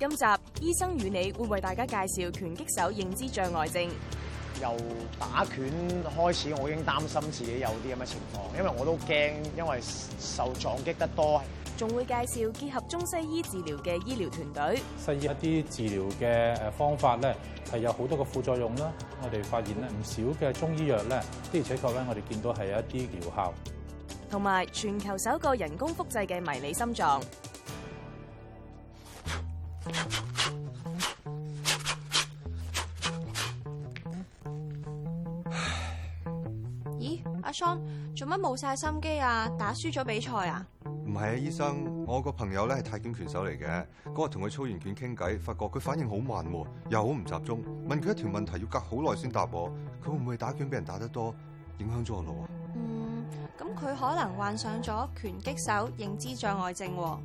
今集醫生與你會為大家介紹拳擊手認知障礙症。由打拳開始，我已經擔心自己有啲咁嘅情況，因為我都驚因為受撞擊得多。仲會介紹結合中西醫治療嘅醫療團隊。西醫一啲治療嘅誒方法咧，係有好多嘅副作用啦。我哋發現咧，唔少嘅中醫藥咧，的而且確咧，我哋見到係有一啲療效。同埋全球首個人工複製嘅迷你心臟。咦，阿桑做乜冇晒心機啊？打輸咗比賽啊？唔係啊，醫生，我個朋友咧係泰拳拳手嚟嘅。嗰日同佢操完拳傾偈，發覺佢反應好慢喎，又好唔集中。問佢一條問題要隔好耐先答我。佢會唔會打拳畀人打得多，影響咗我腦啊？嗯，咁佢可能患上咗拳擊手認知障礙症喎。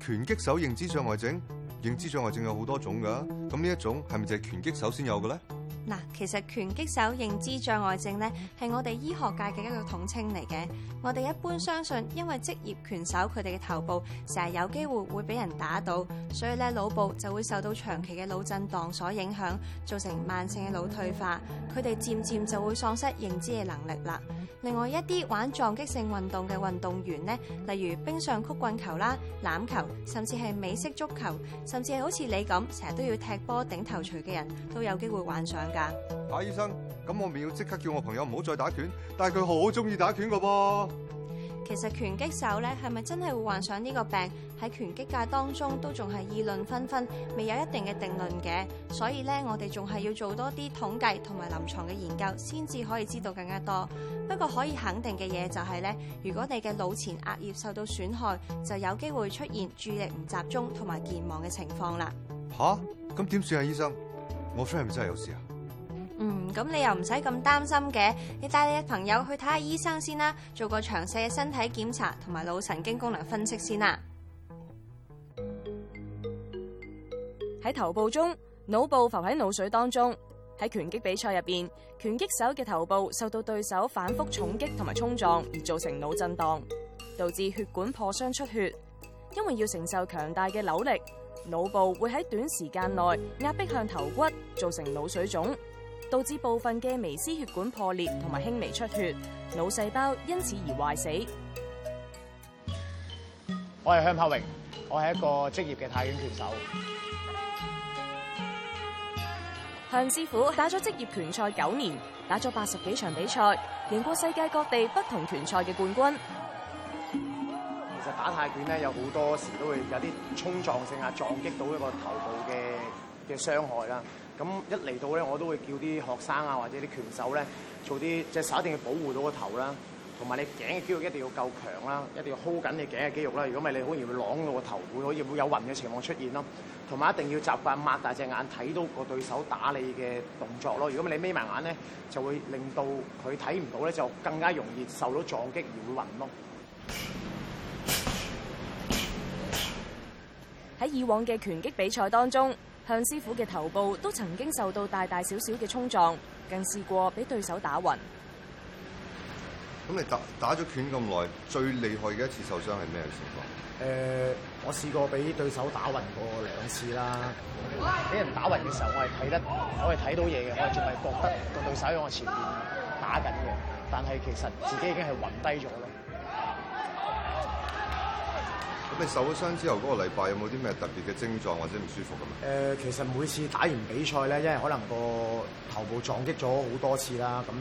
拳擊手認知障礙症？認知障礙症有好多種㗎，咁呢一種係咪就係拳擊手先有嘅咧？嗱，其實拳擊手認知障礙症咧，係我哋醫學界嘅一個統稱嚟嘅。我哋一般相信，因為職業拳手佢哋嘅頭部成日有機會會俾人打到，所以咧腦部就會受到長期嘅腦震盪所影響，造成慢性嘅腦退化，佢哋漸漸就會喪失認知嘅能力啦。另外一啲玩撞擊性運動嘅運動員咧，例如冰上曲棍球啦、欖球，甚至係美式足球，甚至係好似你咁成日都要踢波頂頭槌嘅人都有機會患上。阿醫生，咁我咪要即刻叫我朋友唔好再打拳？但係佢好中意打拳噶噃。其實拳擊手咧，係咪真係會患上呢個病？喺拳擊界當中都仲係議論紛紛，未有一定嘅定論嘅。所以咧，我哋仲係要做多啲統計同埋臨床嘅研究，先至可以知道更加多。不過可以肯定嘅嘢就係、是、咧，如果你嘅腦前額葉受到損害，就有機會出現注意力唔集中同埋健忘嘅情況啦。吓、啊，咁點算啊，醫生？我 friend 係咪真係有事啊？嗯，咁你又唔使咁擔心嘅。你帶你嘅朋友去睇下醫生先啦，做個詳細嘅身體檢查同埋腦神經功能分析先啦。喺頭部中，腦部浮喺腦水當中。喺拳擊比賽入邊，拳擊手嘅頭部受到對手反覆重擊同埋衝撞，而造成腦震盪，導致血管破傷出血。因為要承受強大嘅扭力，腦部會喺短時間內壓迫向頭骨，造成腦水腫。導致部分嘅微絲血管破裂同埋輕微出血，腦細胞因此而壞死。我係向孝榮，我係一個職業嘅泰拳拳手。向師傅打咗職業拳賽九年，打咗八十幾場比賽，贏過世界各地不同拳賽嘅冠軍。其實打泰拳咧，有好多時都會有啲衝撞性啊，撞擊到一個頭部嘅嘅傷害啦。咁一嚟到咧，我都會叫啲學生啊，或者啲拳手咧做啲隻手一定要保護到個頭啦，同埋你頸嘅肌肉一定要夠強啦，一定要 hold 緊你頸嘅肌肉啦。如果唔係你好易會擋到個頭，會好易會有暈嘅情況出現咯。同埋一定要習慣擘大隻眼睇到個對手打你嘅動作咯。如果唔係你眯埋眼咧，就會令到佢睇唔到咧，就更加容易受到撞擊而會暈咯。喺以往嘅拳擊比賽當中。向師傅嘅頭部都曾經受到大大小小嘅衝撞，更試過俾對手打暈。咁你打打咗拳咁耐，最厲害嘅一次受傷係咩情況？誒、呃，我試過俾對手打暈過兩次啦。俾人打暈嘅時候，我係睇得，我係睇到嘢嘅，我仲係覺得個對手喺我前面打緊嘅，但係其實自己已經係暈低咗。你受咗傷之後嗰個禮拜有冇啲咩特別嘅症狀或者唔舒服咁啊？誒，其實每次打完比賽咧，因為可能個頭部撞擊咗好多次啦，咁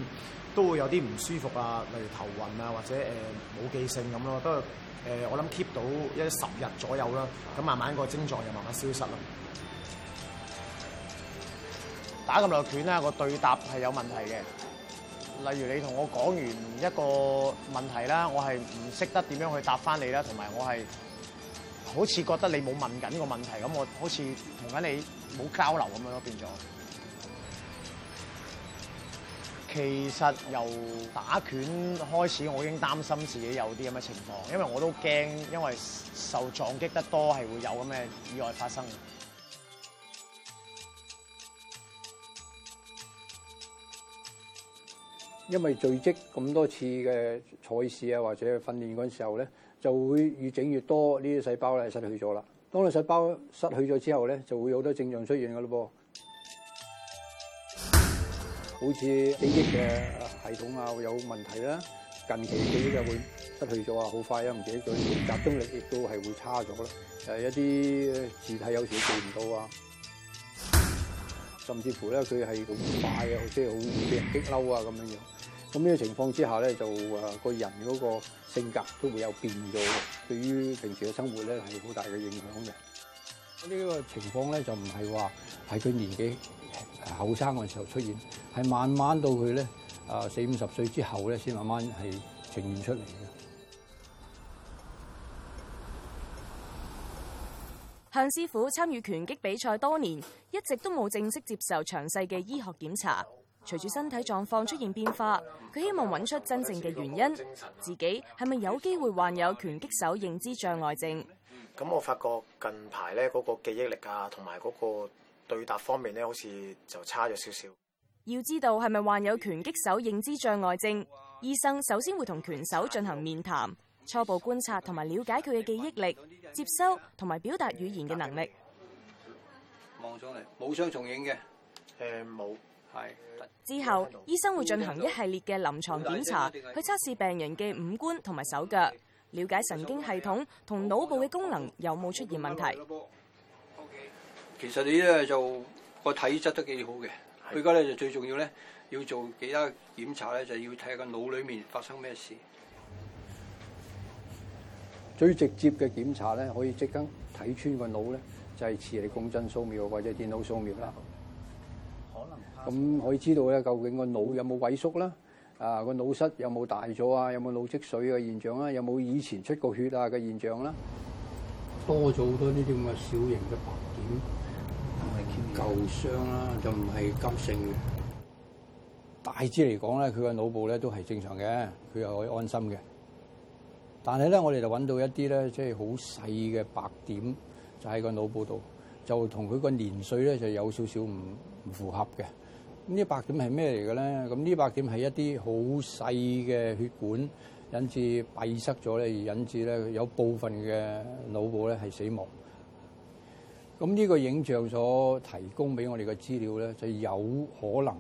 都會有啲唔舒服啊，例如頭暈啊，或者誒冇記性咁咯。都係誒，我諗 keep 到一十日左右啦。咁慢慢個症狀又慢慢消失啦。打咁耐拳咧，個對答係有問題嘅。例如你同我講完一個問題啦，我係唔識得點樣去答翻你啦，同埋我係。好似覺得你冇問緊個問題咁，我好似同緊你冇交流咁樣咯，變咗。其實由打拳開始，我已經擔心自己有啲咁嘅情況，因為我都驚，因為受撞擊得多係會有咁嘅意外發生。因為累積咁多次嘅賽事啊，或者訓練嗰陣時候咧。就會越整越多呢啲細胞咧，失去咗啦。當你細胞失去咗之後咧，就會有好多症狀出現噶咯噃。好似記憶嘅系統啊會有問題啦。近期記憶就會失去咗啊，好快啊，唔記得咗，集中力亦都係會差咗啦。誒一啲字體有時做唔到啊，甚至乎咧佢係好快啊，即係好易俾人激嬲啊咁樣樣。咁呢個情況之下咧，就啊個人嗰個性格都會有變咗，對於平時嘅生活咧係好大嘅影響嘅。咁呢個情況咧就唔係話喺佢年紀後生嘅時候出現，係慢慢到佢咧啊四五十歲之後咧先慢慢係呈現出嚟嘅。向師傅參與拳擊比賽多年，一直都冇正式接受詳細嘅醫學檢查。隨住身體狀況出現變化，佢希望揾出真正嘅原因，自己係咪有機會患有拳擊手認知障礙症？咁我發覺近排咧嗰個記憶力啊，同埋嗰個對答方面咧，好似就差咗少少。要知道係咪患有拳擊手認知障礙症，醫生首先會同拳手進行面談，初步觀察同埋了解佢嘅記憶力、接收同埋表達語言嘅能力。望上嚟冇雙重影嘅，誒、呃、冇。之後，醫生會進行一系列嘅臨床檢查，去測試病人嘅五官同埋手腳，了解神經系統同腦部嘅功能有冇出現問題。其實你咧就個體質都幾好嘅，佢而家咧就最重要咧要做幾多檢查咧，就是，要睇下個腦裏面發生咩事。最直接嘅檢查咧，可以即刻睇穿個腦咧，就係磁力共振掃描或者電腦掃描啦。咁可以知道咧，究竟個腦有冇萎縮啦？啊，個、啊、腦室有冇大咗啊？有冇腦積水嘅現象啦、啊，有冇以前出過血啊嘅現象啦？多咗好多呢啲咁嘅小型嘅白點，舊傷啦、啊，就唔係急性嘅。大致嚟講咧，佢個腦部咧都係正常嘅，佢又可以安心嘅。但係咧，我哋就揾到一啲咧，即係好細嘅白點就，就喺個腦部度，就同佢個年歲咧就有少少唔唔符合嘅。咁呢白點係咩嚟嘅咧？咁呢白點係一啲好細嘅血管引致閉塞咗咧，而引致咧有部分嘅腦部咧係死亡。咁呢個影像所提供俾我哋嘅資料咧，就有可能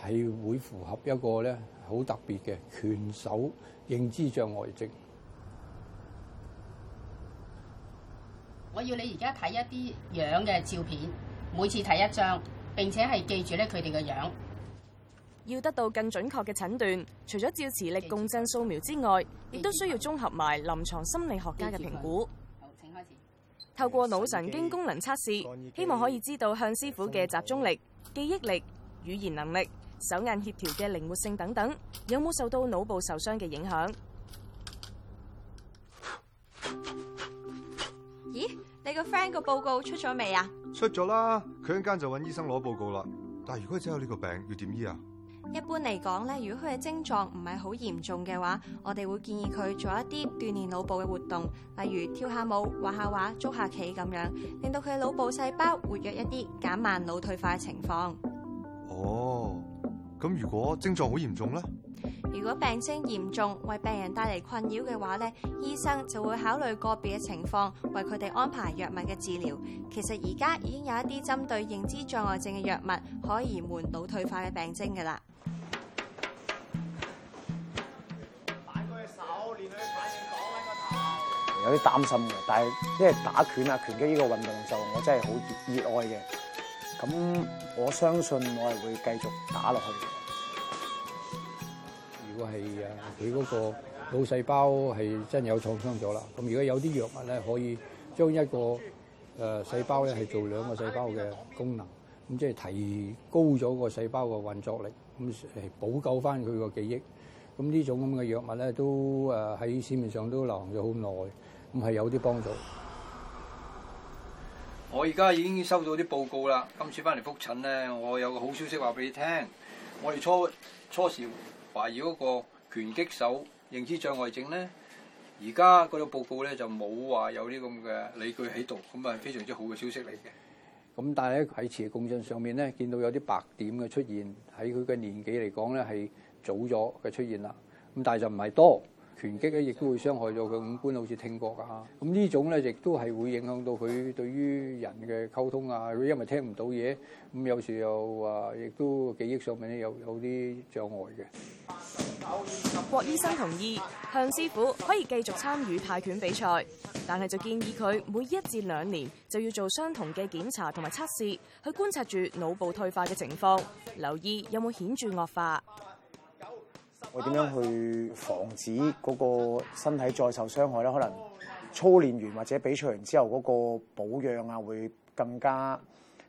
係會符合一個咧好特別嘅拳手認知障礙症。我要你而家睇一啲樣嘅照片，每次睇一張。並且係記住咧佢哋個樣，要得到更準確嘅診斷，除咗照磁力共振掃描之外，亦都需要綜合埋臨床心理學家嘅評估。好，請開始。透過腦神經功能測試，希望可以知道向師傅嘅集中力、記憶力、語言能力、手眼協調嘅靈活性等等，有冇受到腦部受傷嘅影響？咦，你個 friend 個報告出咗未啊？出咗啦，佢一陣間就揾醫生攞報告啦。但係如果真有呢個病，要點醫啊？一般嚟講咧，如果佢嘅症狀唔係好嚴重嘅話，我哋會建議佢做一啲鍛煉腦部嘅活動，例如跳下舞、畫下畫、捉下棋咁樣，令到佢腦部細胞活躍一啲，減慢腦退化嘅情況。哦、oh.。咁如果症狀好嚴重咧？如果病徵嚴重，為病人帶嚟困擾嘅話咧，醫生就會考慮個別嘅情況，為佢哋安排藥物嘅治療。其實而家已經有一啲針對認知障礙症嘅藥物，可以延緩腦退化嘅病徵噶啦。有啲擔心嘅，但係因為打拳啊、拳擊呢個運動就我真係好熱愛嘅。咁我相信我係會繼續打落去的。如果係啊，佢嗰個腦細胞係真有創傷咗啦。咁如果有啲藥物咧，可以將一個誒細胞咧係做兩個細胞嘅功能，咁即係提高咗個細胞嘅運作力，咁係補救翻佢個記憶。咁呢種咁嘅藥物咧，都誒喺市面上都流行咗好耐，咁係有啲幫助。我而家已經收到啲報告啦，今次翻嚟覆診咧，我有個好消息話俾你聽，我哋初初時懷疑嗰個拳擊手認知障礙症咧，而家嗰個報告咧就冇話有呢咁嘅理據喺度，咁啊係非常之好嘅消息嚟嘅。咁但係咧喺磁共振上面咧，見到有啲白點嘅出現，喺佢嘅年紀嚟講咧係早咗嘅出現啦。咁但係就唔係多。拳擊咧，亦都會傷害咗佢五官好，好似聽覺啊。咁呢種咧，亦都係會影響到佢對於人嘅溝通啊。佢因為聽唔到嘢，咁有時又話，亦都記憶上面咧有有啲障礙嘅。郭醫生同意向師傅可以繼續參與泰拳比賽，但係就建議佢每一至兩年就要做相同嘅檢查同埋測試，去觀察住腦部退化嘅情況，留意有冇顯著惡化。會點樣去防止嗰個身體再受傷害咧？可能操練完或者比賽完之後，嗰個保養啊會更加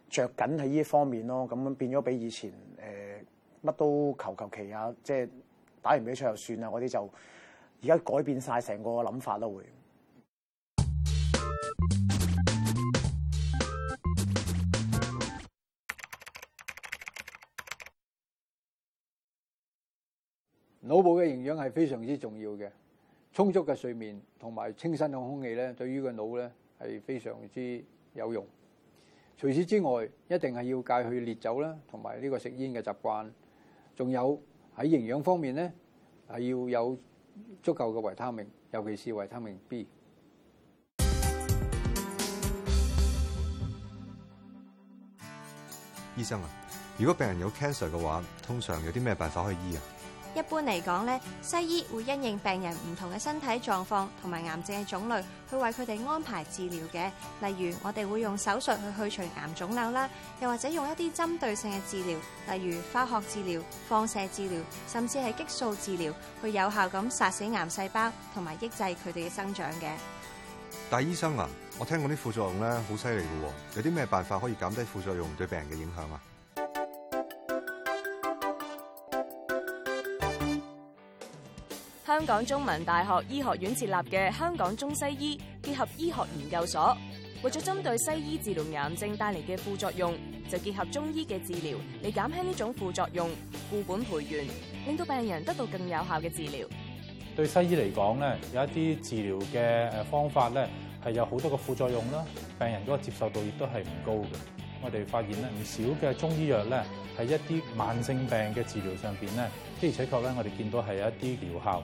着緊喺呢一方面咯。咁變咗比以前乜、呃、都求求其下，即係打完比賽就算啦。我哋就而家改變晒成個諗法都、啊、會。腦部嘅營養係非常之重要嘅，充足嘅睡眠同埋清新嘅空氣咧，對於個腦咧係非常之有用。除此之外，一定係要戒去烈酒啦，同埋呢個食煙嘅習慣。仲有喺營養方面咧，係要有足夠嘅維他命，尤其是維他命 B。醫生啊，如果病人有 cancer 嘅話，通常有啲咩辦法可以醫啊？一般嚟講咧，西醫會因應病人唔同嘅身體狀況同埋癌症嘅種類，去為佢哋安排治療嘅。例如，我哋會用手術去去除癌腫瘤啦，又或者用一啲針對性嘅治療，例如化學治療、放射治療，甚至係激素治療，去有效咁殺死癌細胞同埋抑制佢哋嘅生長嘅。但係醫生啊，我聽講啲副作用咧好犀利噶，有啲咩辦法可以減低副作用對病人嘅影響啊？香港中文大學醫學院設立嘅香港中西醫結合醫學研究所，為咗針對西醫治療癌症帶嚟嘅副作用，就結合中醫嘅治療，嚟減輕呢種副作用，固本培元，令到病人得到更有效嘅治療。對西醫嚟講咧，有一啲治療嘅誒方法咧，係有好多個副作用啦，病人嗰個接受度亦都係唔高嘅。我哋發現咧，唔少嘅中醫藥咧，喺一啲慢性病嘅治療上邊咧，的而且確咧，我哋見到係有一啲療效。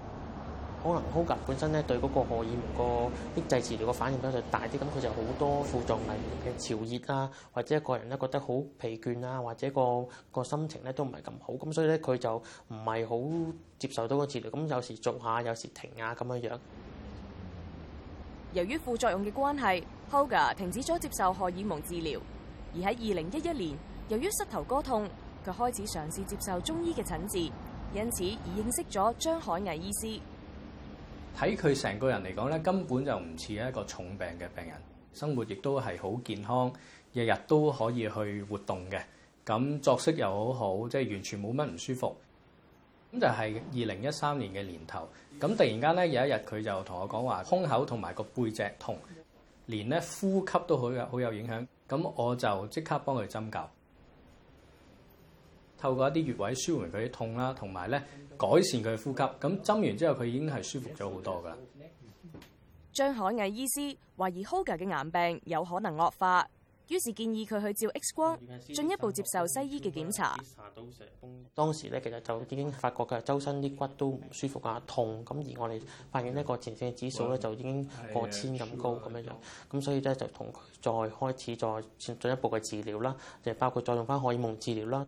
可能 Hoga 本身咧對嗰個荷爾蒙個抑制治療個反應比較大啲，咁佢就好多副作用嘅潮熱啊，或者個人咧覺得好疲倦啊，或者個個心情咧都唔係咁好咁，所以咧佢就唔係好接受到個治療。咁有時做下，有時停啊咁樣樣。由於副作用嘅關係，Hoga 停止咗接受荷爾蒙治療。而喺二零一一年，由於膝頭哥痛，佢開始嘗試接受中醫嘅診治，因此而認識咗張海毅醫師。睇佢成個人嚟講咧，根本就唔似一個重病嘅病人，生活亦都係好健康，日日都可以去活動嘅，咁作息又好好，即係完全冇乜唔舒服。咁就係二零一三年嘅年頭，咁突然間咧有一日佢就同我講話，胸口同埋個背脊痛，連咧呼吸都好有好有影響。咁我就即刻幫佢針灸。透過一啲穴位舒緩佢啲痛啦，同埋咧改善佢嘅呼吸。咁針完之後，佢已經係舒服咗好多噶啦。張海毅醫師懷疑 Hoga 嘅眼病有可能惡化，於是建議佢去照 X 光，進一步接受西醫嘅檢查。當時咧，其實就已經發覺佢周身啲骨都唔舒服啊，痛咁。而我哋發現呢個前線嘅指數咧，就已經過千咁高咁樣樣。咁所以咧，就同佢再開始再進一步嘅治療啦，就包括再用翻荷爾蒙治療啦。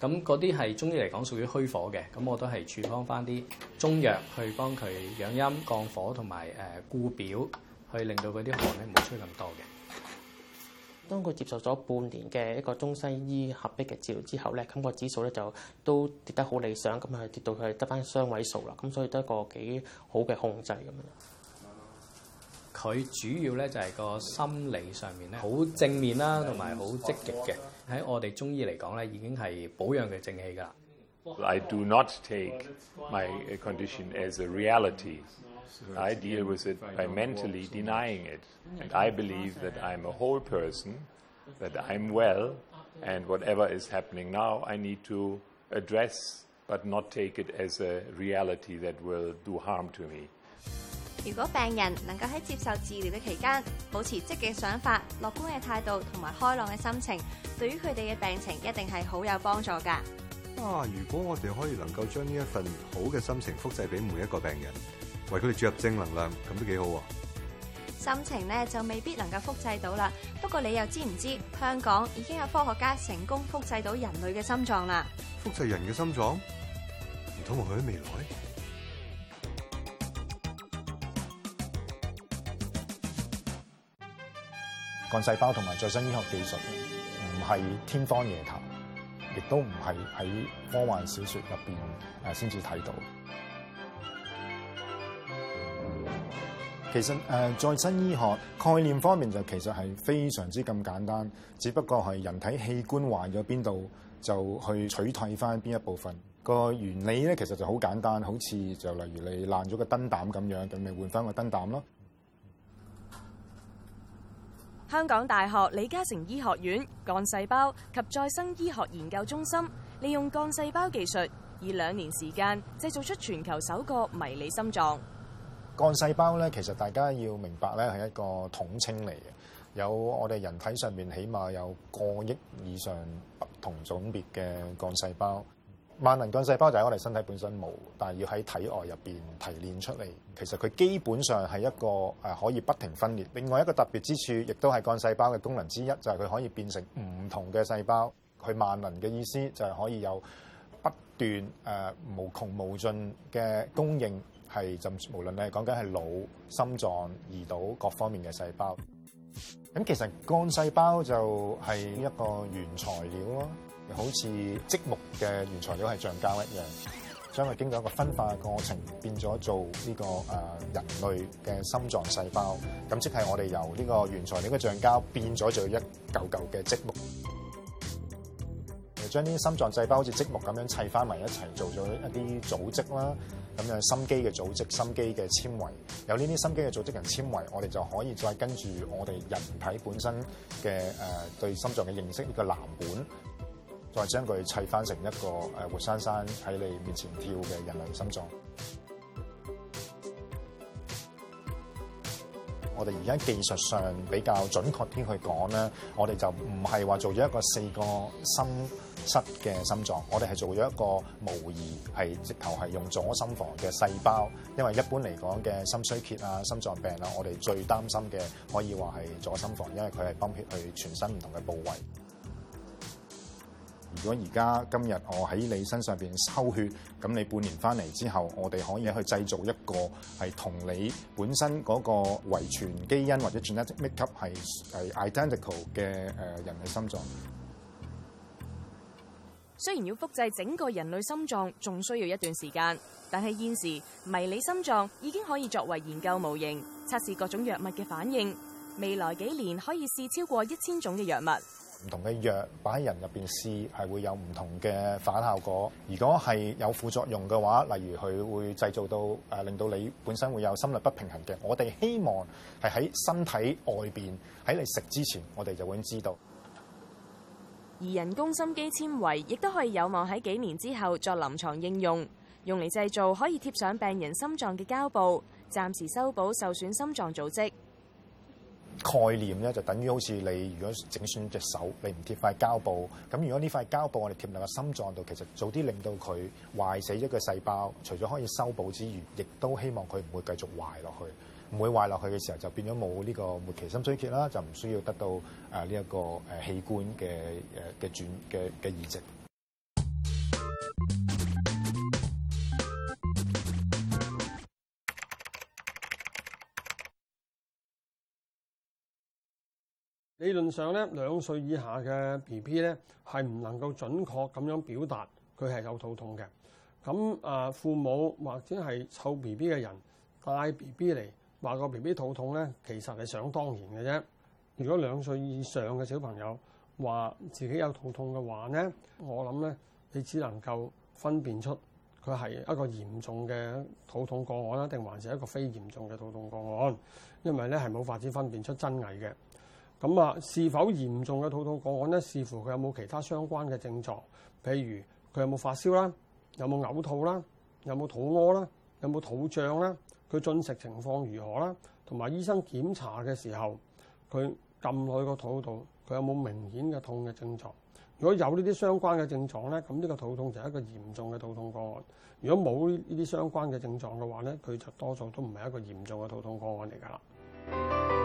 咁嗰啲係中醫嚟講屬於虛火嘅，咁我都係處方翻啲中藥去幫佢養陰降火，同埋誒固表，去令到佢啲汗咧唔好出咁多嘅。當佢接受咗半年嘅一個中西醫合璧嘅治療之後咧，咁個指數咧就都跌得好理想，咁佢跌到佢得翻雙位數啦，咁所以得一個幾好嘅控制咁樣。佢主要咧就係個心理上面咧，好正面啦，同埋好積極嘅。喺我哋中醫嚟講咧，已經係保養嘅正氣㗎。如果病人能夠喺接受治療嘅期間保持積極想法，樂觀嘅態度同埋開朗嘅心情，對於佢哋嘅病情一定係好有幫助噶。啊。如果我哋可以能夠將呢一份好嘅心情複製俾每一個病人，為佢哋注入正能量，咁都幾好啊。心情咧就未必能夠複製到啦。不過你又知唔知香港已經有科學家成功複製到人類嘅心臟啦？複製人嘅心臟，唔通我去咗未來？幹細胞同埋再生醫學技術唔係天方夜譚，亦都唔係喺科幻小説入邊誒先至睇到。其實誒、呃、再生醫學概念方面就其實係非常之咁簡單，只不過係人體器官壞咗邊度就去取替翻邊一部分。個原理咧其實就好簡單，好似就例如你爛咗個燈膽咁樣，咁咪換翻個燈膽咯。香港大學李嘉誠醫學院幹細胞及再生醫學研究中心利用幹細胞技術，以兩年時間製造出全球首個迷你心臟。幹細胞咧，其實大家要明白咧，係一個統稱嚟嘅，有我哋人體上面起碼有個億以上不同種別嘅幹細胞。萬能幹細胞就係我哋身體本身冇，但係要喺體外入面提煉出嚟。其實佢基本上係一個可以不停分裂。另外一個特別之處，亦都係幹細胞嘅功能之一，就係、是、佢可以變成唔同嘅細胞。佢萬能嘅意思就係可以有不斷、呃、無窮無盡嘅供應，係就無論你係講緊係腦、心臟、胰島各方面嘅細胞。咁其實幹細胞就係一個原材料咯。好似積木嘅原材料係橡膠一樣，將佢經過一個分化嘅過程，變咗做呢個、呃、人類嘅心臟細胞。咁即係我哋由呢個原材料嘅橡膠變咗做一嚿嚿嘅積木。將啲心臟細胞好似積木咁樣砌翻埋一齊，做咗一啲組織啦，咁樣心肌嘅組織、心肌嘅纖維。有呢啲心肌嘅組織同纖維，我哋就可以再跟住我哋人體本身嘅誒、呃、對心臟嘅認識呢、這個藍本。再將佢砌翻成一個誒活生生喺你面前跳嘅人類心臟。我哋而家技術上比較準確啲去講咧，我哋就唔係話做咗一個四個心室嘅心臟，我哋係做咗一個模擬，係直頭係用左心房嘅細胞。因為一般嚟講嘅心衰竭啊、心臟病啊，我哋最擔心嘅可以話係左心房，因為佢係泵血去全身唔同嘅部位。如果而家今日我喺你身上邊抽血，咁你半年翻嚟之後，我哋可以去製造一個係同你本身嗰個遺傳基因或者 genetic makeup 係係 identical 嘅誒人類心臟。雖然要複製整個人類心臟仲需要一段時間，但係現時迷你心臟已經可以作為研究模型，測試各種藥物嘅反應，未來幾年可以試超過一千種嘅藥物。唔同嘅藥擺喺人入邊試，係會有唔同嘅反效果。如果係有副作用嘅話，例如佢會製造到誒令到你本身會有心律不平衡嘅。我哋希望係喺身體外邊，喺你食之前，我哋就會知道。而人工心肌纖維亦都可以有望喺幾年之後作臨床應用，用嚟製造可以貼上病人心臟嘅膠布，暫時修補受損心臟組織。概念咧就等於好似你如果整損隻手，你唔貼塊膠布，咁如果呢塊膠布我哋貼落個心臟度，其實早啲令到佢壞死一個細胞，除咗可以修補之餘，亦都希望佢唔會繼續壞落去，唔會壞落去嘅時候就變咗冇呢個末期心衰竭啦，就唔需要得到呢一個誒器官嘅誒嘅轉嘅嘅移植。理論上咧，兩歲以下嘅 B.B. 咧係唔能夠準確咁樣表達佢係有肚痛嘅。咁啊，父母或者係湊 B.B. 嘅人帶 B.B. 嚟話個 B.B. 肚痛咧，其實係想當然嘅啫。如果兩歲以上嘅小朋友話自己有肚痛嘅話咧，我諗咧你只能夠分辨出佢係一個嚴重嘅肚痛個案啦，定還是一個非嚴重嘅肚痛個案，因為咧係冇法子分辨出真偽嘅。咁啊，是否嚴重嘅肚痛個案咧？視乎佢有冇其他相關嘅症狀，譬如佢有冇發燒啦，有冇嘔吐啦，有冇肚屙啦，有冇肚脹啦，佢進食情況如何啦，同埋醫生檢查嘅時候，佢撳落去個肚度，佢有冇明顯嘅痛嘅症狀？如果有呢啲相關嘅症狀咧，咁呢個肚痛就係一個嚴重嘅肚痛個案。如果冇呢啲相關嘅症狀嘅話咧，佢就多數都唔係一個嚴重嘅肚痛個案嚟㗎啦。